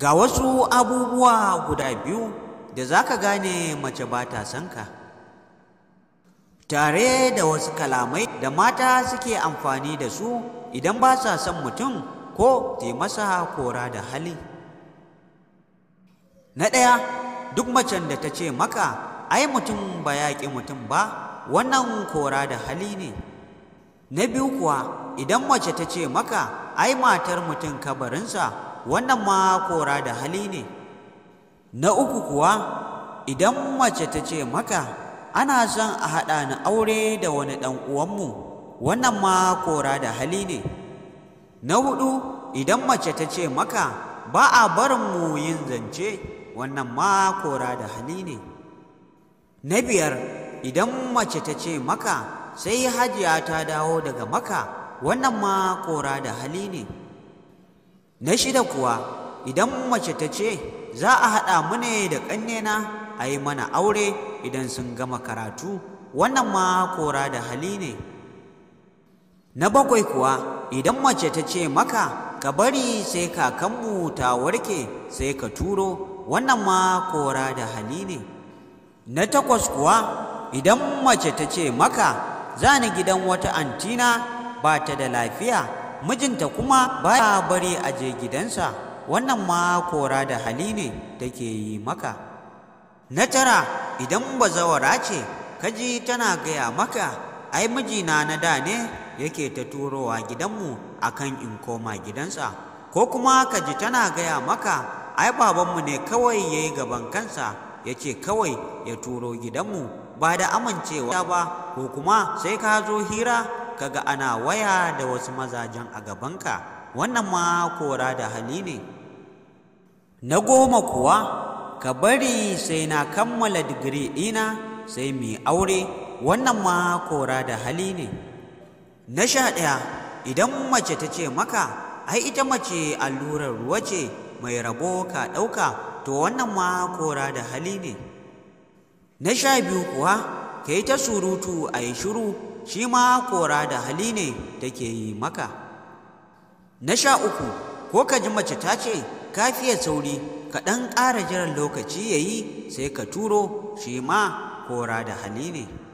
Ga wasu abubuwa guda biyu da za ka gane mace ba ta son ka. Tare da wasu kalamai da mata suke amfani da su idan ba sa son mutum ko ta masa kora da hali. Na ɗaya, duk macen da ta ce maka, ai mutum ba ya ƙi mutum ba, wannan kora da hali ne. Na biyu kuwa, idan mace ta ce maka, ai matar mutum kabarinsa wannan ma kora da hali ne na uku kuwa idan mace ta ce maka ana son a haɗa ni aure da wani ɗan uwanmu wannan ma kora da hali ne na hudu idan mace ta ce maka ba a barin mu yin zance wannan ma kora da hali ne na biyar idan mace ta ce maka sai hajiya ta dawo daga maka wannan ma kora da hali ne na shida kuwa idan mace ta ce za a haɗa mu ne da ƙannena a yi mana aure idan sun gama karatu wannan ma kora da hali ne na bakwai kuwa idan mace ta ce maka ka bari sai kakanmu ta warke sai ka turo wannan ma kora da hali ne na takwas kuwa idan mace ta ce maka za ni gidan wata antina ba ta da lafiya mijinta kuma baya bari a je gidansa wannan ma kora da hali ne take yi maka na tara idan bazawara ce kaji tana gaya maka ai mijina na da ne yake ta turowa gidanmu akan in koma gidansa ko kuma kaji tana gaya maka ai babanmu ne kawai ya yi gaban kansa ya ce kawai ya turo gidanmu ba da amincewa ba ko kuma sai ka zo hira kaga ana waya da wasu mazajen a gabanka wannan ma kora da hali ne na goma kuwa ka bari sai na kammala digiri ɗina sai mu aure wannan ma kora da hali ne na sha ɗaya idan mace ta ce maka ai ita mace allurar ruwa ce mai rabo ka ɗauka to wannan ma kora da hali ne na sha biyu kuwa ka yi ta surutu a yi shiru shi ma kora da hali ne take yi maka na sha uku ko ka ji mace ta ce ka fiye sauri ka ɗan ƙara jiran lokaci ya yi sai ka turo shi ma kora da hali ne